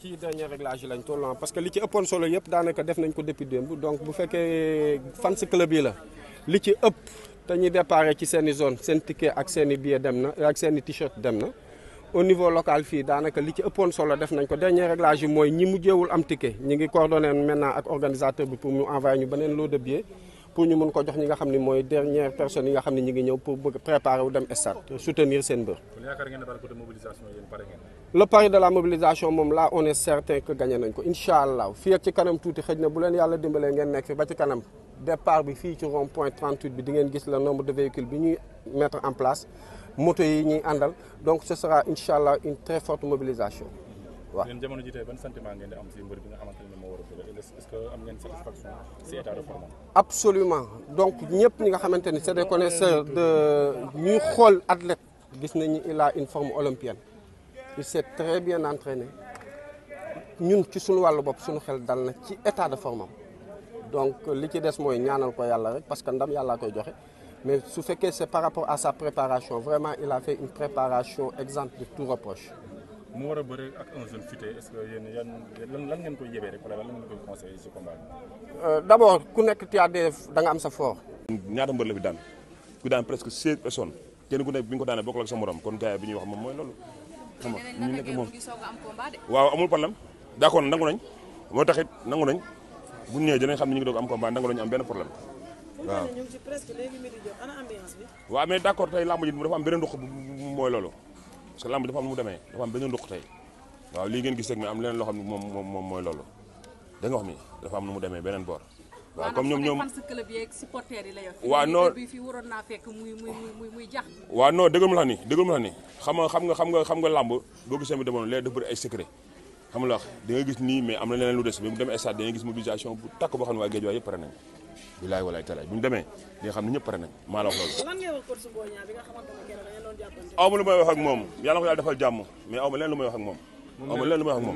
ci dernier réglage yi lañ toll ah, parce que li ci ëppoon solo yëpp daanaka def nañ ko depuis démb donc bu fekkee fans club yi la li ci ëpp te ñuy déparé ci seeni zone seen ticket ak seen i dem na ak seeni i t-shirt dem na au niveau local fii daanaka li ci ëppoon solo def nañ ko dernier réglage yi mooy ñi mujjeewul am ticket ñi ngi coordonné maintenant ak organisateur bi pour mu envoyé ñu beneen lot de billets pour ñu mun ko jox ñi nga xam ni mooy dernière person yi nga xam ne ñi ngi ñëw pour bëgg préparer wu dem stade soutenir seen mbër. kon yaakaar ngeen le pari de la mobilisation moom là on est certain que gagné nañ ko incha allah fii ci kanam tuuti xëj na bu leen yàlla dimbalee ngeen nekk fi ba ci kanam départ bi fii ci rond ngeen gis le nombre de véhicules bi ñuy en place. moto yi ñuy àndal donc ce sera incha allah une très forte mobilisation waa yéen jamono ji tey ban sentiment ngeen di am a bëre est-ce que am ngeen satisfaction absolument donc ñëpp ñi nga xamante ni c'est des connaisseurs de ñuy xool athlète gis nañu il a une forme olympienne il s'est très bien entraîné ñun ci suñu wàll bopp suñu xel dal na ci état de forme am donc li ci des mooy ñaanal ko yàlla rek parce que ndam yàllaa koy joxe. Mais su fekkee que c'est par rapport à sa préparation, vraiment, il a fait une préparation exempte de tout reproche. mu war a bëri ak un jeune futé est-ce que lan lan ngeen koy yebee rek euh, ku nekk TADF da nga am sa fort. ñaata mbër la fi daan ku daan presque seize personnes kenn ku nekk bi nga ko daanee bokkul ak sa morom kon gars yi bi ñuy wax moom mooy loolu. xam nga ñu nekk moom waaw amul problème d'accord nangu nañ moo taxit nangu nañ bu ñëwee dinañ xam ne ñu ngi doog am combat nangu nañ am benn problème. waaw ñu ngi ci presque léegi midi jot ana tey làmb dafa am beneen ruq bu mooy loolu parce que làmb dafa am nu mu demee dafa am beneen ruq tey waaw lii ngeen gis rek mais am leen loo xam ne moom moom mooy loolu da nga wax ni dafa am nu mu demee beneen boor. waaw comme ñoom ñoom fans club yeeg supporters yi la yor. waaw ni xam nga xam nga xam nga xam nga làmb boo gisee mu demoon léegi dafa bëri ay secret xam nga gis nii mais am na leneen lu des mais bu demee stade da gis mobilisation bu tàkk boo xam ne waa Guédiawaye pare nañ bilaay walaay talaay bu demee di xam ne ñëpp pare maa la wax loolu. lan ngay wax coach Boy aw ma lu may wax moom yàlla aw ma lu may wax ak moom. aw ma leneen lu may wax ak moom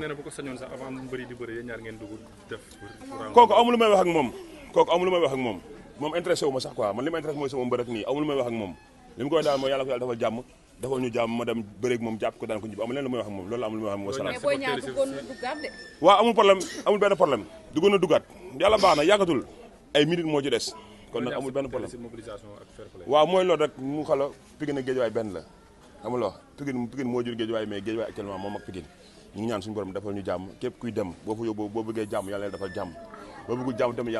nee na sax avant mu bëri aw ma lu may wax moom ma lu may wax moom moom intéressé wu ma sax quoi man li ma intéressé mooy sama ma lu may wax ak moom li mu koy jàmm defal ñu jàmm ma dem moom jàpp ko daan ko ñibbi amul leen lu may wax ak moom baax na yàggatul ay minutes moo ci des. kon benn problème waaw mooy loolu rek mu xala Pikine ak Guédiawaye benn la xam nga Pikine mais Guédiawaye actuellement moom ak Pikine ñu ngi ñaan suñu borom defal ñu jàmm képp kuy dem boo fa yóbbu boo bëggee jàmm yàlla defal jàmm boo bëggul jàmm tamit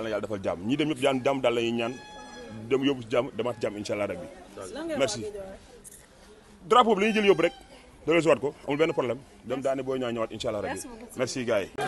ñii dem ñëpp jàmm daal la ñuy ñaan dem yóbbu si jàmm demaat jàmm incha rabbi drapeau bi la ñuy jël yóbbu rek delloo si waat ko amul benn problème dem daane boo ñoo ñëwaat incha allah rabi merci gars